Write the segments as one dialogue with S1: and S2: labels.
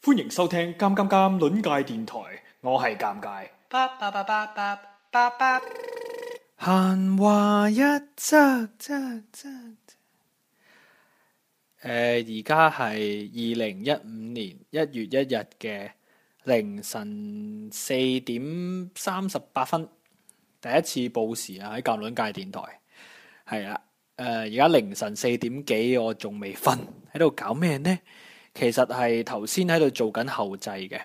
S1: 歡迎收聽《尷尷尷》尷倫界電台，我係尷尬。閒話一
S2: 則，
S1: 而家係二零一五年一月一日嘅凌晨四點三十八分，第一次報時啊！喺《尷倫界》電台係啦。而家、呃、凌晨四點幾，我仲未瞓，喺度搞咩呢？其實係頭先喺度做緊後製嘅，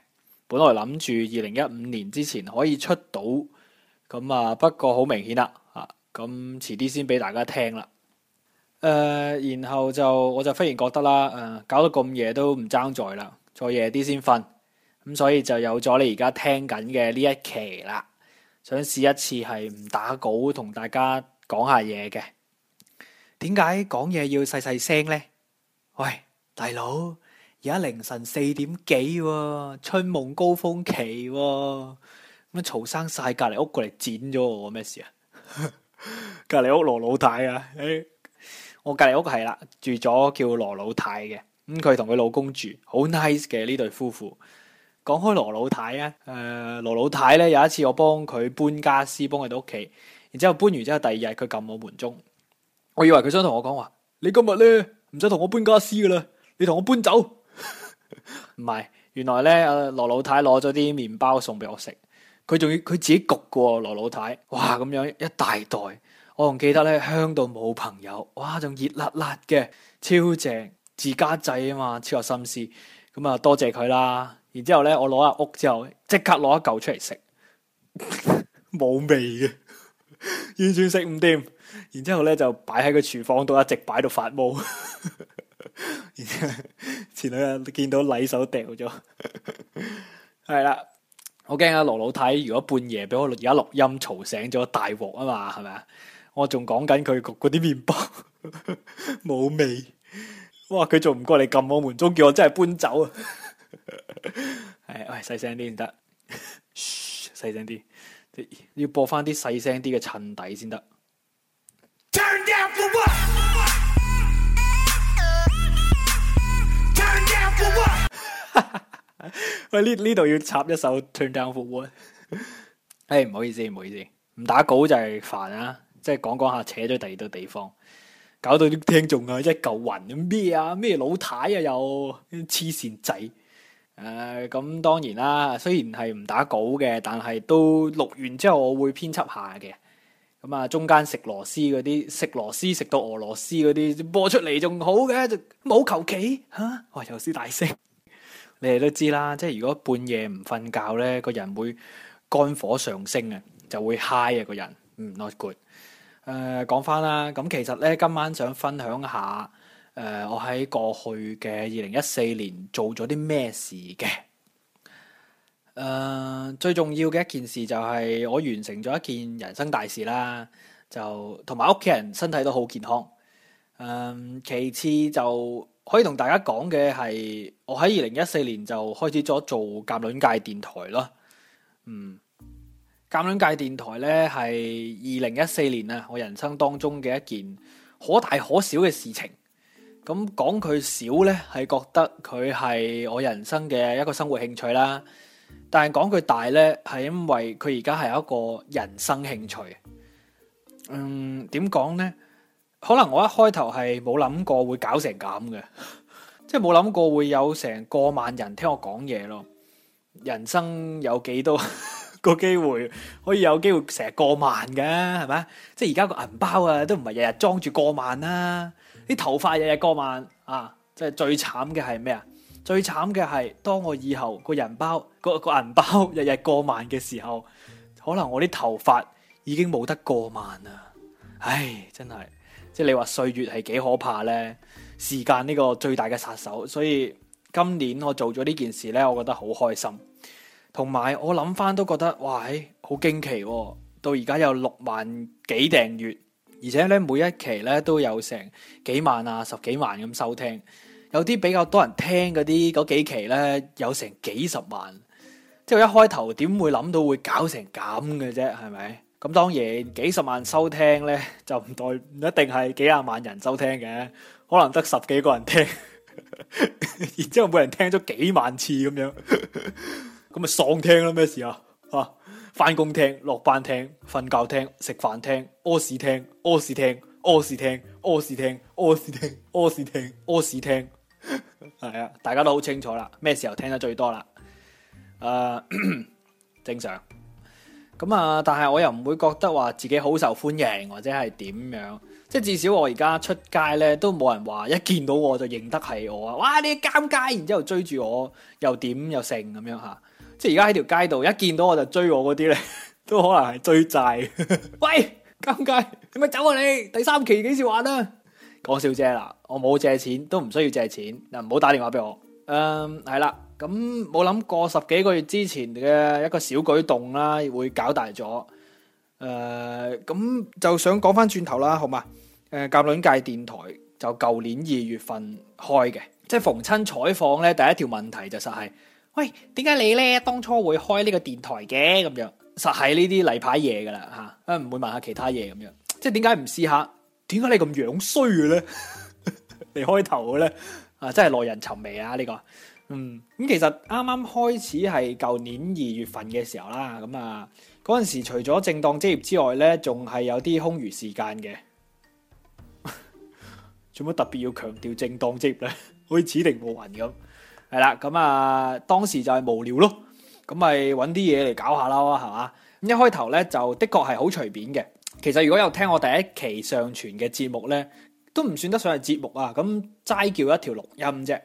S1: 本來諗住二零一五年之前可以出到，咁啊不過好明顯啦，啊咁遲啲先俾大家聽啦。誒、呃，然後就我就忽然覺得啦，誒、啊、搞到咁夜都唔爭在啦，再夜啲先瞓，咁所以就有咗你而家聽緊嘅呢一期啦。想試一次係唔打稿同大家講下嘢嘅，點解講嘢要細細聲咧？喂，大佬！而家凌晨四點幾喎、啊，春夢高峰期喎、啊，咁嘈生晒隔籬屋過嚟剪咗我咩事啊？ 隔籬屋羅老太啊，欸、我隔籬屋係啦，住咗叫羅老太嘅，咁佢同佢老公住，好 nice 嘅呢對夫婦。講開羅老太啊，誒、呃、羅老太咧，有一次我幫佢搬家私，幫佢到屋企，然之後搬完之後第二日佢撳我門鐘，我以為佢想同我講，話你今日咧唔使同我搬家私噶啦，你同我搬走。唔係，原來咧，羅老太攞咗啲麵包送俾我食，佢仲要佢自己焗過。羅、哦、老太，太，哇咁樣一大袋，我仲記得咧，香到冇朋友，哇仲熱辣辣嘅，超正，自家製啊嘛，超有心思，咁、嗯、啊多謝佢啦。然之後咧，我攞入屋之後，即刻攞一嚿出嚟食，冇 味嘅的， 完全食唔掂。然之後咧就擺喺個廚房度，一直擺到發毛。 前兩日見到禮手掉咗，係啦，我驚阿羅老太太，如果半夜俾我而家錄音嘈醒咗，大鑊啊嘛，係咪啊？我仲講緊佢焗嗰啲麵包冇 味，哇！佢仲唔過嚟撳我門鐘叫我真係搬走啊？ 係喂，細聲啲唔得，嘘，細聲啲，要播翻啲細聲啲嘅襯底先得。喂，呢呢度要插一首《Turn Down for What》？誒，唔、 哎、好意思，唔好意思，唔打稿就係煩啊！即係講講下，扯咗第二度地方，搞到啲聽眾啊一嚿雲咩啊？咩老太啊又？又黐線仔！誒、呃，咁當然啦，雖然係唔打稿嘅，但係都錄完之後我會編輯下嘅。咁啊，中間食螺絲嗰啲，食螺絲食到俄羅斯嗰啲播出嚟仲好嘅，就冇求其吓。喂、啊，有聲大聲。你哋都知啦，即係如果半夜唔瞓覺咧，個人會肝火上升啊，就會 high 啊個人，not good、呃。誒，講翻啦，咁其實咧今晚想分享下，誒、呃，我喺過去嘅二零一四年做咗啲咩事嘅。誒、呃，最重要嘅一件事就係我完成咗一件人生大事啦，就同埋屋企人身體都好健康。嗯、呃，其次就。可以同大家講嘅係，我喺二零一四年就開始咗做夾捻界電台啦。嗯，夾捻界電台呢係二零一四年啊，我人生當中嘅一件可大可小嘅事情。咁講佢小呢，係覺得佢係我人生嘅一個生活興趣啦。但係講佢大呢，係因為佢而家係有一個人生興趣。嗯，點講呢？可能我一開頭係冇諗過會搞成咁嘅， 即係冇諗過會有成過萬人聽我講嘢咯。人生有幾多個機會可以有機會成日過萬嘅，係咪啊？即係而家個銀包啊，都唔係日日裝住過萬啦。啲頭髮日日過萬啊！即係最慘嘅係咩啊？啊，最慘嘅係當我以後個銀包個銀包日日過萬嘅時候，可能我啲頭髮已經冇得過萬啦。唉，真係。即係你話歲月係幾可怕咧？時間呢個最大嘅殺手，所以今年我做咗呢件事咧，我覺得好開心。同埋我諗翻都覺得哇，好驚奇喎！到而家有六萬幾訂閱，而且咧，每一期咧都有成幾萬啊、十幾萬咁、啊、收聽。有啲比較多人聽嗰啲嗰幾期咧，有成幾十萬。即係一開頭點會諗到會搞成咁嘅啫？係咪？咁當然，幾十萬收聽咧，就唔代唔一定係幾廿萬人收聽嘅，可能得十幾個人聽，之 後每人聽咗幾萬次咁樣，咁咪喪聽咯咩事啊？啊，翻工聽，落班聽，瞓覺聽，食飯聽，屙屎聽，屙屎聽，屙屎聽，屙屎聽，屙屎聽，屙屎聽，屙屎聽，係啊， 大家都好清楚啦，咩時候聽得最多啦？誒、呃，正常。咁啊！但係我又唔會覺得話自己好受歡迎，或者係點樣？即係至少我而家出街咧，都冇人話一見到我就認得係我啊！哇！你尷尬，然之後追住我又點又剩咁樣嚇！即係而家喺條街度一見到我就追我嗰啲咧，都可能係追債。 喂，尷尬，你咪走啊你！第三期幾時還啊？講笑啫啦！我冇借錢，都唔需要借錢嗱，唔好打電話俾我。嗯，係啦。咁冇諗過十幾個月之前嘅一個小舉動啦，會搞大咗。誒、呃，咁就想講翻轉頭啦，好嘛？誒、呃，夾卵界電台就舊年二月份開嘅，即係逢親採訪咧，第一條問題就實係：喂，點解你咧當初會開呢個電台嘅？咁樣實係呢啲例牌嘢噶啦吓，唔、啊、會問下其他嘢咁樣。即係點解唔試下？點解你咁樣衰嘅咧？你 開頭嘅咧啊，真係耐人尋味啊！呢、這個。嗯，咁其實啱啱開始係舊年二月份嘅時候啦，咁啊嗰陣時除咗正當職業之外咧，仲係有啲空餘時間嘅，做 乜特別要強調正當職業咧？開指定冇人咁，係啦，咁、嗯、啊當時就係無聊咯，咁咪揾啲嘢嚟搞下咯，係嘛？咁一開頭咧就的確係好隨便嘅，其實如果有聽我第一期上傳嘅節目咧，都唔算得上係節目啊，咁齋叫一條錄音啫。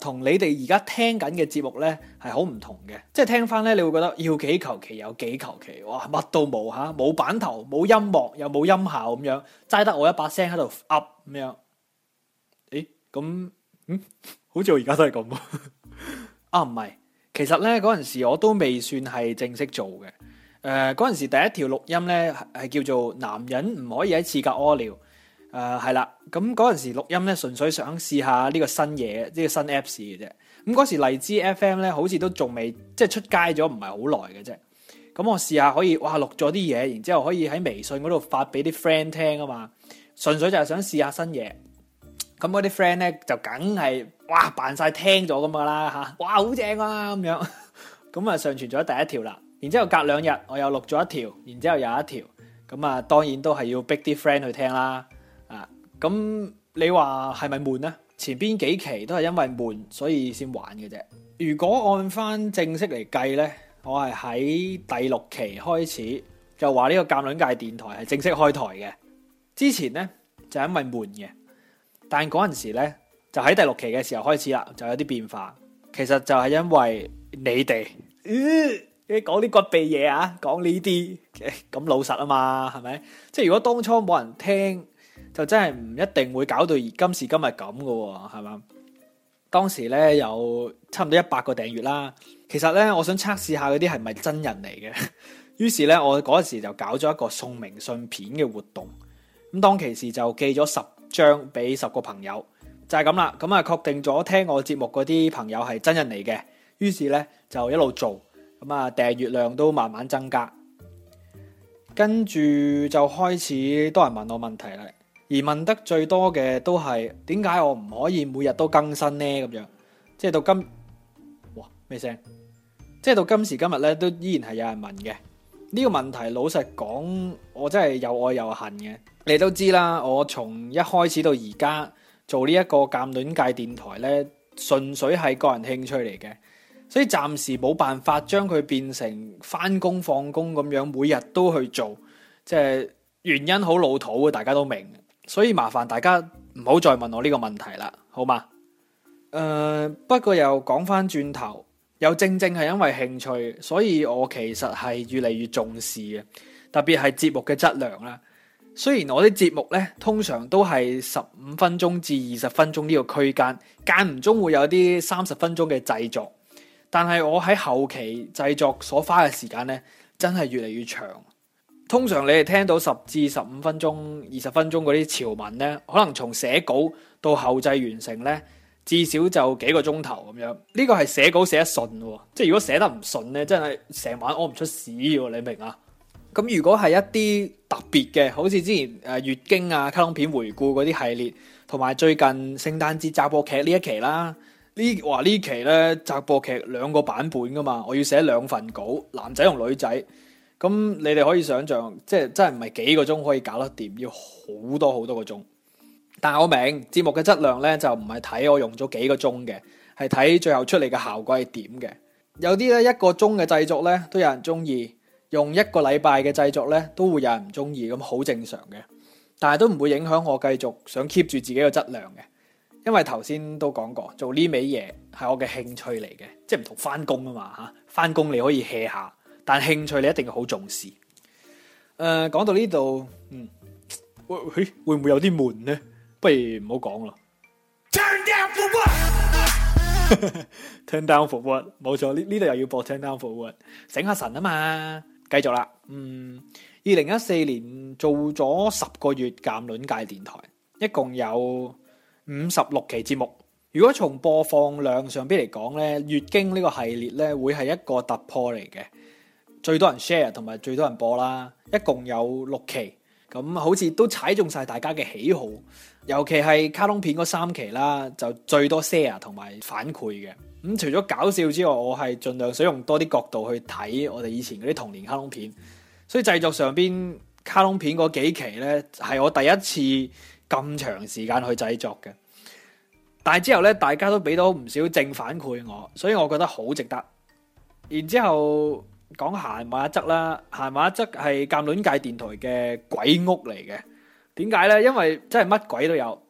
S1: 同你哋而家聽緊嘅節目咧係好唔同嘅，即係聽翻咧，你會覺得要幾求其有幾求其，哇，乜都冇嚇，冇、啊、版頭，冇音樂，又冇音效咁樣，齋得我一把聲喺度噏咁樣。誒、欸，咁嗯，好似我而家都係咁啊？唔係，其實咧嗰陣時我都未算係正式做嘅。誒、呃，嗰陣時第一條錄音咧係叫做男人唔可以喺廁格屙尿。誒，係啦、嗯，咁嗰陣時錄音咧，純粹想試下呢個新嘢，呢個新 apps 嘅啫。咁嗰時荔枝 FM 咧，好似都仲未即係出街咗，唔係好耐嘅啫。咁我試下可以，哇，錄咗啲嘢，然之後可以喺微信嗰度發俾啲 friend 聽啊嘛。純粹就係想試下新嘢。咁嗰啲 friend 咧就梗係，哇，扮晒聽咗咁噶啦吓，哇，好正啊咁樣。咁 啊上傳咗第一條啦，然之後隔兩日我又錄咗一條，然之後又有一條。咁啊，當然都係要逼啲 friend 去聽啦。咁你話係咪悶咧？前邊幾期都係因為悶，所以先玩嘅啫。如果按翻正式嚟計咧，我係喺第六期開始就話呢個夾卵界電台係正式開台嘅。之前咧就係、是、因為悶嘅，但嗰陣時咧就喺第六期嘅時候開始啦，就有啲變化。其實就係因為你哋、呃，你講啲骨痹嘢啊，講呢啲咁老實啊嘛，係咪？即係如果當初冇人聽。.就真係唔一定會搞到而今時今日咁噶、哦，係嘛？當時咧有差唔多一百個訂閱啦。其實咧，我想測試下嗰啲係咪真人嚟嘅。於是咧，我嗰時就搞咗一個送明信片嘅活動。咁當其時就寄咗十張俾十個朋友，就係咁啦。咁啊，確定咗聽我節目嗰啲朋友係真人嚟嘅。於是咧就一路做，咁啊訂閱量都慢慢增加，跟住就開始多人問我問題啦。而問得最多嘅都係點解我唔可以每日都更新呢？咁樣即係到今哇咩聲？即係到今時今日咧，都依然係有人問嘅。呢個問題。老實講，我真係又愛又恨嘅。你都知啦，我從一開始到而家做呢一個間斷界電台咧，純粹係個人興趣嚟嘅，所以暫時冇辦法將佢變成返工放工咁樣，每日都去做。即係原因好老土，大家都明。所以麻煩大家唔好再問我呢個問題啦，好嗎？誒、呃，不過又講翻轉頭，又正正係因為興趣，所以我其實係越嚟越重視嘅，特別係節目嘅質量啦。雖然我啲節目咧通常都係十五分鐘至二十分鐘呢個區間，間唔中會有啲三十分鐘嘅製作，但係我喺後期製作所花嘅時間咧，真係越嚟越長。通常你哋聽到十至十五分鐘、二十分鐘嗰啲潮文咧，可能從寫稿到後製完成咧，至少就幾個鐘頭咁樣。呢、這個係寫稿寫得順喎，即係如果寫得唔順咧，真係成晚屙唔出屎喎，你明啊？咁如果係一啲特別嘅，好似之前誒《月經》啊、卡通片回顧嗰啲系列，同埋最近聖誕節雜播劇呢一期啦，期呢話呢期咧雜播劇兩個版本噶嘛，我要寫兩份稿，男仔同女仔。咁你哋可以想象，即係真係唔係幾個鐘可以搞得掂，要好多好多個鐘。但係我明節目嘅質量咧，就唔係睇我用咗幾個鐘嘅，係睇最後出嚟嘅效果係點嘅。有啲咧一個鐘嘅製作咧都有人中意，用一個禮拜嘅製作咧都會有人唔中意，咁好正常嘅。但係都唔會影響我繼續想 keep 住自己嘅質量嘅，因為頭先都講過，做呢味嘢係我嘅興趣嚟嘅，即係唔同返工啊嘛嚇，返工你可以 hea 下。但興趣你一定要好重視。誒、呃，講到呢度，嗯，會會唔會會有啲悶咧？不如唔好講啦。Turn down for what？ Turn down for what？冇錯，呢呢度又要播。Turn down for what？醒下神啊嘛，繼續啦。嗯，二零一四年做咗十個月，鑑論界電台，一共有五十六期節目。如果從播放量上邊嚟講咧，月經呢個系列咧會係一個突破嚟嘅。最多人 share 同埋最多人播啦，一共有六期，咁好似都踩中晒大家嘅喜好，尤其係卡通片嗰三期啦，就最多 share 同埋反饋嘅。咁除咗搞笑之外，我係盡量想用多啲角度去睇我哋以前嗰啲童年卡通片，所以製作上邊卡通片嗰幾期呢，係我第一次咁長時間去製作嘅。但係之後呢，大家都俾到唔少正反饋我，所以我覺得好值得。然之後。講閒話一則啦，閒話一則係鑑卵界電台嘅鬼屋嚟嘅。點解咧？因為真係乜鬼都有，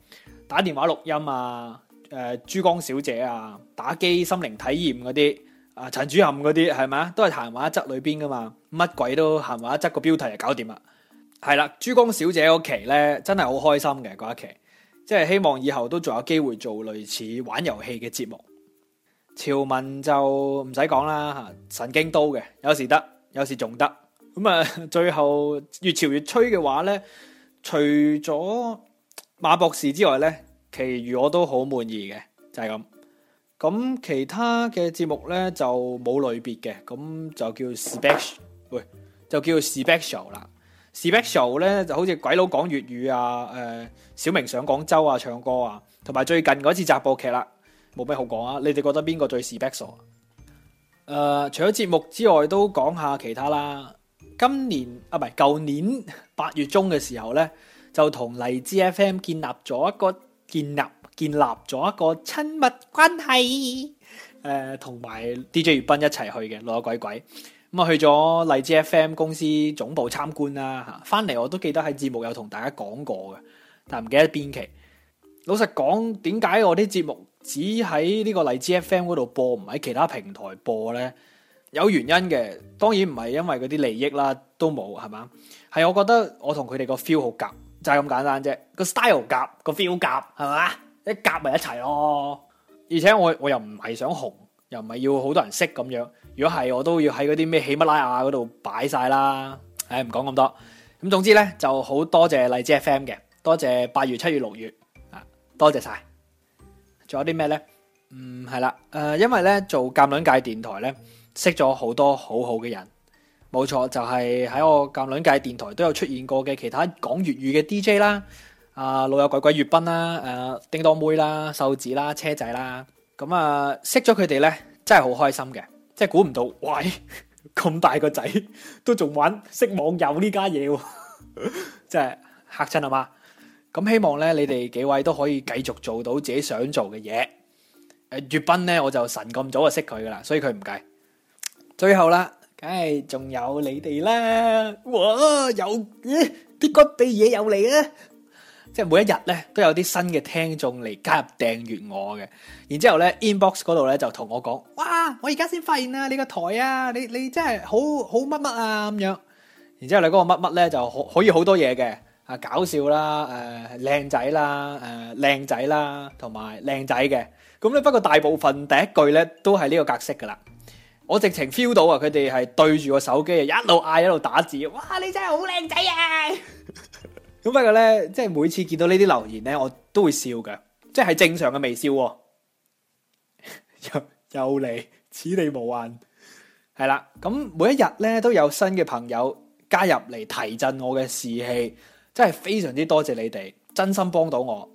S1: 打電話錄音啊，誒、呃、珠江小姐啊，打機心靈體驗嗰啲啊，陳、呃、主任嗰啲係咪啊？都係閒話一則裏邊噶嘛，乜鬼都閒話一則個標題就搞掂啦。係啦，珠江小姐嗰期咧，真係好開心嘅嗰一期，即、就、係、是、希望以後都仲有機會做類似玩遊戲嘅節目。條文就唔使講啦，吓神經刀嘅，有時得，有時仲得。咁啊，最後越潮越吹嘅話咧，除咗馬博士之外咧，其餘我都好滿意嘅，就係咁。咁其他嘅節目咧就冇類別嘅，咁就叫 special，喂，就叫 special 啦。special 咧就好似鬼佬講粵語啊，誒，小明上廣州啊，唱歌啊，同埋最近嗰次雜播劇啦。冇咩好講啊！你哋覺得邊個最 special 啊？誒、呃，除咗節目之外，都講下其他啦。今年啊，唔係舊年八月中嘅時候咧，就同荔枝 FM 建立咗一個建立建立咗一個親密關係。誒、呃，同埋 DJ 月斌一齊去嘅老友鬼鬼咁啊、嗯，去咗荔枝 FM 公司總部參觀啦。吓、啊，翻嚟我都記得喺節目有同大家講過嘅，但唔記得邊期。老實講，點解我啲節目，只喺呢個荔枝 FM 嗰度播，唔喺其他平台播呢？有原因嘅。當然唔係因為嗰啲利益啦，都冇係嘛。係我覺得我同佢哋個 feel 好夾，就係咁簡單啫。個 style 夾，個 feel 夾，係咪？一夾埋一齊咯。而且我我又唔係想紅，又唔係要好多人識咁樣。如果係，我都要喺嗰啲咩喜馬拉雅嗰度擺晒啦。唉、哎，唔講咁多。咁總之呢，就好多謝荔枝 FM 嘅，多謝八月、七月、六月啊，多謝晒。仲有啲咩咧？嗯，係啦，誒、呃，因為咧做橄欖界電台咧，識咗好多好好嘅人，冇錯，就係、是、喺我橄欖界電台都有出現過嘅其他講粵語嘅 DJ 啦，啊、呃，老友鬼鬼粵賓啦，誒、呃，叮噹妹啦，瘦子啦，車仔啦，咁、呃、啊，識咗佢哋咧，真係好開心嘅，即係估唔到，喂，咁大個仔都仲玩識網友呢家嘢、啊， 真係嚇親吖嘛！咁希望咧，你哋幾位都可以繼續做到自己想做嘅嘢。誒，月斌咧，我就晨咁早就識佢噶啦，所以佢唔計。最後啦，梗係仲有你哋啦。哇，有誒啲骨痹嘢又嚟啊！即係每一日咧都有啲新嘅聽眾嚟加入訂閱我嘅。然之後咧 inbox 嗰度咧就同我講：哇！我而家先發現啊，你個台啊，你你真係好好乜乜啊咁樣。然之後你嗰個乜乜咧就可以好多嘢嘅。啊搞笑啦，誒、呃、靚仔啦，誒、呃、靚仔啦，同埋靚仔嘅，咁咧，不過大部分第一句咧都係呢個格式㗎喇。我直情 feel 到啊，佢哋係對住個手機啊，一路嗌一路打字。哇，你真係好靚仔啊！咁 不過咧，即係每次見到呢啲留言咧，我都會笑嘅，即係正常嘅微笑。 又又嚟，此地無銀。係 啦，咁每一日咧都有新嘅朋友加入嚟提振我嘅士氣。真係非常之多謝你哋，真心幫到我。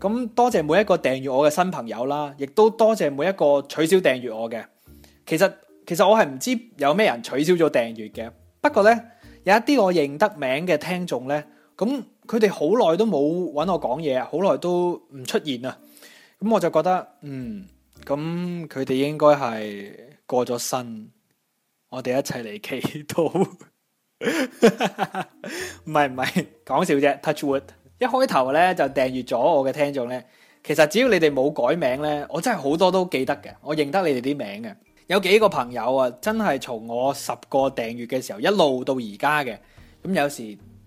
S1: 咁多謝每一個訂閱我嘅新朋友啦，亦都多謝每一個取消訂閱我嘅。其實其實我係唔知有咩人取消咗訂閱嘅。不過呢，有一啲我認得名嘅聽眾呢，咁佢哋好耐都冇搵我講嘢，好耐都唔出現啊。咁我就覺得，嗯，咁佢哋應該係過咗身，我哋一齊嚟祈禱 唔係唔係講笑啫，Touch Wood 一開頭咧就訂閱咗我嘅聽眾咧。其實只要你哋冇改名咧，我真係好多都記得嘅，我認得你哋啲名嘅。有幾個朋友啊，真係從我十個訂閱嘅時候一路到而家嘅。咁有時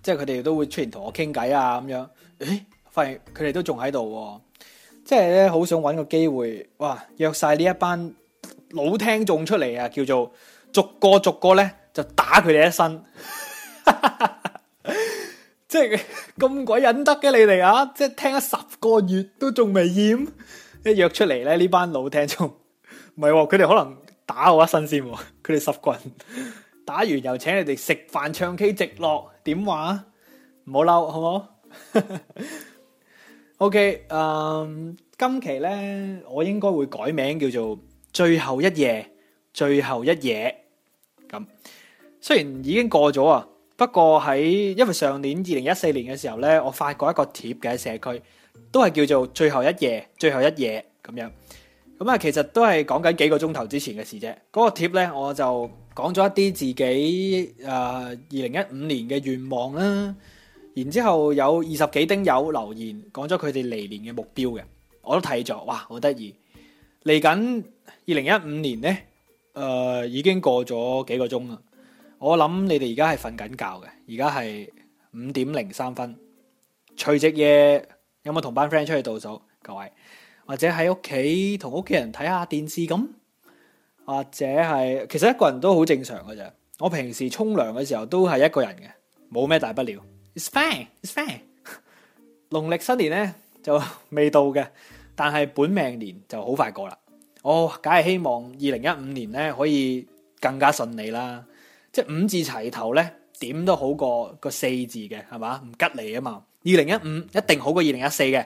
S1: 即係佢哋都會出現，同我傾偈啊咁樣。誒，發現佢哋都仲喺度，即係咧好想揾個機會，哇！約晒呢一班老聽眾出嚟啊，叫做逐個逐個咧。就打佢哋一身， 即係咁鬼忍得嘅你哋啊！即係聽咗十個月都仲未厭， 一約出嚟咧呢班老聽眾，唔係佢哋可能打我一身先，佢 哋十棍 打完又請你哋食飯唱 K 直落，點話？唔好嬲，好唔好 ？OK，嗯、um,，今期咧我應該會改名叫做最後一夜，最後一夜咁。雖然已經過咗啊，不過喺，因為上年二零一四年嘅時候呢，我發過一個貼嘅喺社區，都係叫做最後一夜，最後一夜咁樣。咁啊，其實都係講緊幾個鐘頭之前嘅事啫。嗰個貼呢，我就講咗一啲自己誒二零一五年嘅願望啦。然之後有二十幾丁友留言，講咗佢哋嚟年嘅目標嘅，我都睇咗，哇，好得意！嚟緊二零一五年呢，誒，已經過咗幾個鐘啦。我諗你哋而家係瞓緊覺嘅，而家係五點零三分，除夕夜有冇同班 friend 出去倒數？各位或者喺屋企同屋企人睇下電視咁，或者係其實一個人都好正常㗎咋。我平時沖涼嘅時候都係一個人嘅，冇咩大不了。It's fine, it's fine。農曆新年呢就未到嘅，但係本命年就好快過啦。我梗係希望二零一五年呢可以更加順利啦。即係五字齊頭咧，點都好過個四字嘅，係嘛？唔吉利啊嘛！二零一五一定好過二零一四嘅。誒、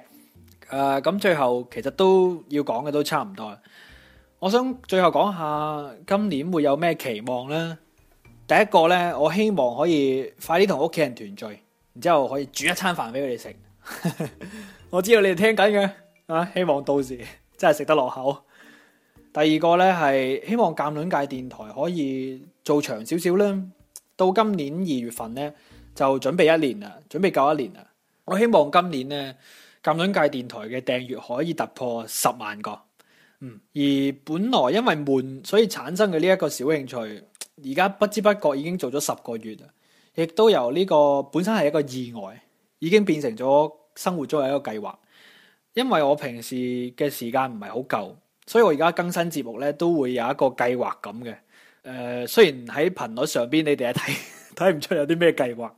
S1: 呃，咁最後其實都要講嘅都差唔多。我想最後講下今年會有咩期望咧？第一個咧，我希望可以快啲同屋企人團聚，然之後可以煮一餐飯俾佢哋食。 我知道你哋聽緊嘅，啊，希望到時真係食得落口。第二個咧係希望鑒卵界電台可以做長少少啦。到今年二月份咧，就準備一年啦，準備夠一年啦。我希望今年咧，鑒論界電台嘅訂閱可以突破十萬個，嗯。而本來因為悶，所以產生嘅呢一個小興趣，而家不知不覺已經做咗十個月啦，亦都由呢個本身係一個意外，已經變成咗生活中一個計劃。因為我平時嘅時間唔係好夠，所以我而家更新節目咧都會有一個計劃咁嘅。誒、呃，雖然喺頻率上邊你哋一睇睇唔出有啲咩計劃，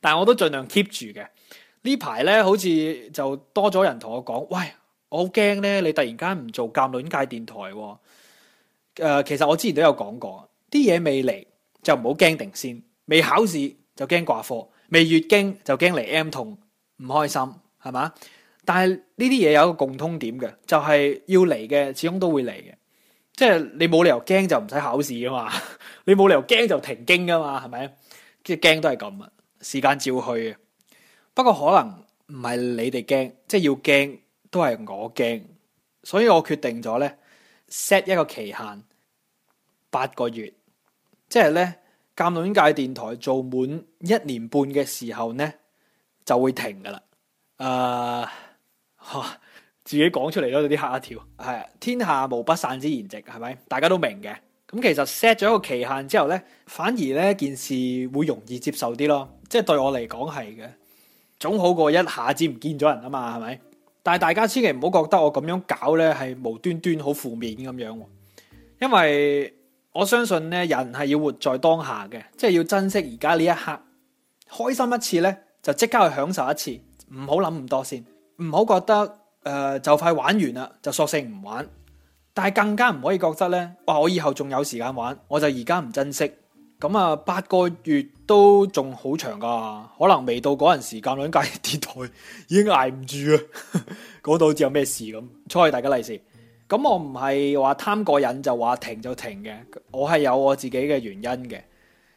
S1: 但係我都盡量 keep 住嘅。呢排咧，好似就多咗人同我講，喂，我好驚咧，你突然間唔做夾卵界電台。哦。誒、呃，其實我之前都有講過，啲嘢未嚟，就唔好驚定先，未考試就驚掛科，未月經就驚嚟 M 痛，唔開心，係嘛？但係呢啲嘢有一個共通點嘅，就係、是、要嚟嘅，始終都會嚟嘅。即係你冇理由驚就唔使考試噶嘛， 你冇理由驚就停經噶嘛，係咪？即係驚都係咁啊，時間照去。不過可能唔係你哋驚，即係要驚都係我驚，所以我決定咗咧 set 一個期限八個月，即係咧監論界電台做滿一年半嘅時候咧就會停噶啦。啊、呃，吓。自己講出嚟咯，有啲嚇一跳。係天下無不散之筵席，係咪？大家都明嘅。咁其實 set 咗一個期限之後咧，反而咧件事會容易接受啲咯。即係對我嚟講係嘅，總好過一下子唔見咗人啊嘛，係咪？但係大家千祈唔好覺得我咁樣搞咧，係無端端好負面咁樣。因為我相信咧，人係要活在當下嘅，即係要珍惜而家呢一刻，開心一次咧就即刻去享受一次，唔好諗咁多先，唔好覺得。誒、呃，就快玩完啦，就索性唔玩。但係更加唔可以覺得呢，哇！我以後仲有時間玩，我就而家唔珍惜。咁啊，八個月都仲好長噶，可能未到嗰陣時間，兩間電台已經挨唔住啊！嗰 度好似有咩事咁。出去大家利是，咁我唔係話貪過癮就話停就停嘅，我係有我自己嘅原因嘅。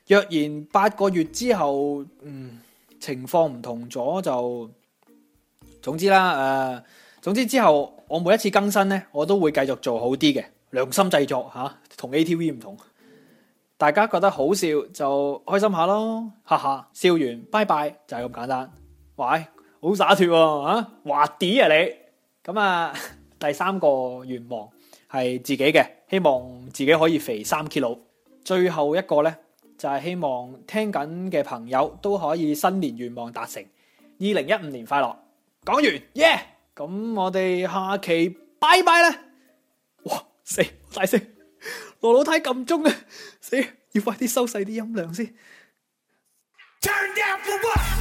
S1: 若然八個月之後，嗯，情況唔同咗就，總之啦，誒、呃。總之之後我每一次更新咧，我都會繼續做好啲嘅良心製作吓，同、啊、ATV 唔同。大家覺得好笑就開心下咯，哈哈！笑完拜拜就係、是、咁簡單，喂，好灑脫吓，滑啲啊你。咁啊，第三個願望係自己嘅，希望自己可以肥三 kilo。最後一個咧就係、是、希望聽緊嘅朋友都可以新年願望達成，二零一五年快樂。講完，耶！Yeah! 咁我哋下期拜拜啦！哇，死大聲，羅老太撳鐘啦！死，要快啲收細啲音量先。Turn down.